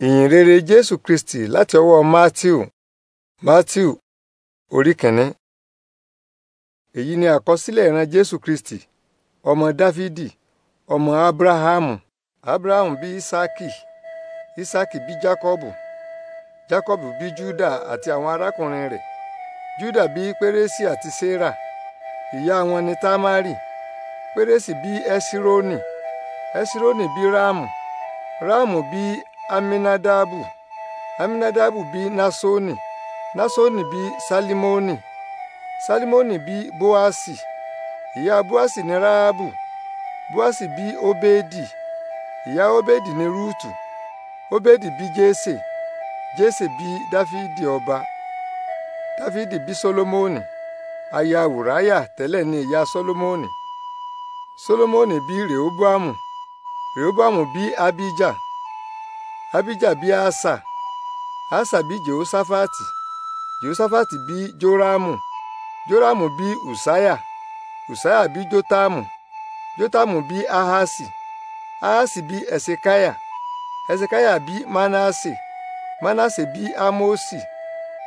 Ìyìn rere Jésù Kristi láti ọwọ́ Mátíù. Mátíù orí kìíní. Èyí ni àkọsílẹ̀ ìran Jésù Kristi, ọmọ Dáfídì, ọmọ Ábúráhámù. Abrahamu bí Ísáàkì, Ísáàkì bí Jákọ́bù, Jákọ́bù bí Júdà àti àwọn arákùnrin rẹ̀. Júdà bí Pérésì àti Séra, ìyá wọn ni Támárì. Pérésì bí Esironi Ẹ́sírónì bí Ráàmù, Ráàmù bí aminadabu aminadabu bi nasoni nasoni bi salimoni salimoni bi boasi ìyá boasi ni raabu boasi bi obedi ìyá obedi ni rutu obedi bi jese jese bi davidi ọba davidi bí solomoni aya wùráyà tẹ́lẹ̀ ni ìyá solomoni solomoni bí rehoboamu rehoboamu bi abijah abijah bí asa asa bí jehoshaphati jehoshaphati bí joramu joramu bí usaya usaya bí jotamu jotamu bí ahasi ahasi bí esekaya esekaya bí manase manase bí amosi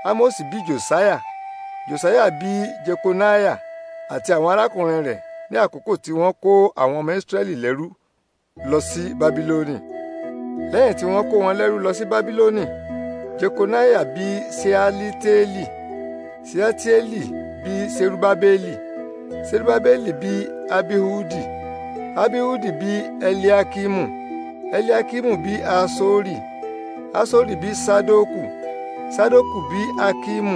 amosi bí josiah josiah bí jekonaya àti àwọn arákùnrin rẹ̀ ní àkókò tí wọ́n kó àwọn ọmọ israẹli lẹ́rú lọ sí babiloni lẹ́yìn tí wọ́n kó wọn lẹ́rú lọ sí bábílónì jekonaya bí sealiteeli sealiteeli bí serubabeli serubabeli bí abihudi abihudi bí eliakimu eliakimu bí asori asori bí sadoku sadoku bí akimu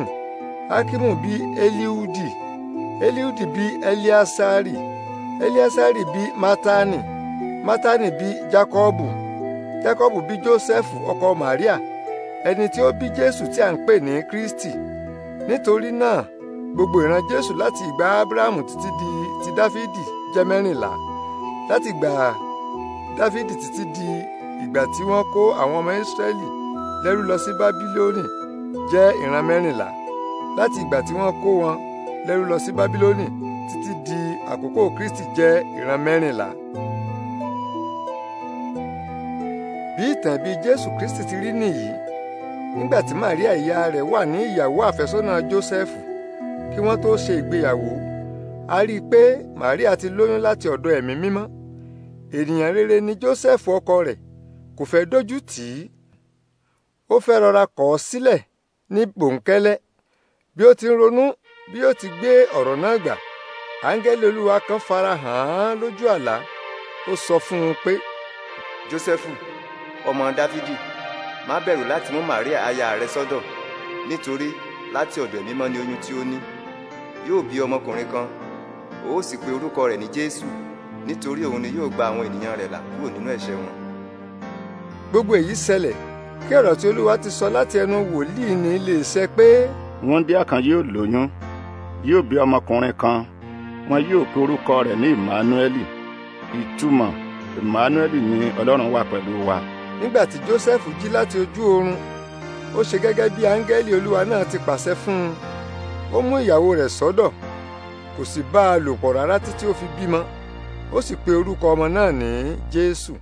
akimu bí eliudi eliudi bí eliasari eliasari bí matani matani bí jakobu Jákọ́bù bí Jósẹ́fù ọkọ Màríà ẹni tí ó bí Jésù tí a ń pè ní Kristi nítorí náà gbogbo ìran Jésù láti ìgbà Ábúráhámù títí di ti Dáfídì jẹ́ mẹ́rìnlá láti ìgbà Dáfídì títí di ìgbà tí wọ́n kó àwọn ọmọ Ísírẹ́lì lẹ́rú lọ sí Bábílónì jẹ́ ìran mẹ́rìnlá láti ìgbà tí wọ́n kó wọn lẹ́rú lọ sí Bábílónì títí di àkókò Kristi jẹ́ ìran mẹ́rìnlá. bí ìtàn bí jésù kristi ti rí nìyí nígbà tí maria ìyá rẹ wà ní ìyàwó àfẹ́sọ́nà joseph kí wọ́n tó ṣe ìgbéyàwó a rí i pé maria ti lóyún láti ọdọ ẹ̀mí mímọ́ ènìyàn rere ni joseph ọkọ rẹ kò fẹ dójú tì í ó fẹ́ rọra kọ ọ́ sílẹ̀ ní bòńkẹ́lẹ́ bí ó ti ń ronú bí ó ti gbé ọrọ náà gbà áńgẹ́lì olúwa kan fara hàn án lójú àlá ó sọ fún un pé jósẹ́fù ọmọ dáfídì má bẹ̀rù láti mú màríà aya rẹ sọ́dọ̀ nítorí láti ọ̀dọ̀ ẹ̀mí mímọ́ ni oyún tí ó ní yóò bí ọmọkùnrin kan ó sì pe orúkọ rẹ̀ ní jésù nítorí òun ni yóò gba àwọn ènìyàn rẹ̀ là kúrò nínú ẹ̀ṣẹ̀ wọn. gbogbo èyí ṣẹlẹ̀ kí ọ̀rọ̀ tí olúwa ti sọ láti ẹnu wòlíì ní lè ṣẹ pé. wúńdíá kan yóò lóyún yóò bí ọmọkùnrin kan wọn yóò pe orúkọ rẹ̀ ní emmanueli ìtumọ̀ emmanueli ni ọlọ́run wà pẹ̀lú wa. Pẹ̀lú nígbà Joseph Jósẹ́fù jí láti ojú oorun ó ṣe gẹ́gẹ́ bí áńgẹ́lì olúwa náà ti pàṣẹ fún un ó mú ìyàwó rẹ̀ sọ́dọ̀ kò sì bá a lò pọ̀ rárá títí ó fi bímọ ó sì pe orúkọ ọmọ náà ní Jésù.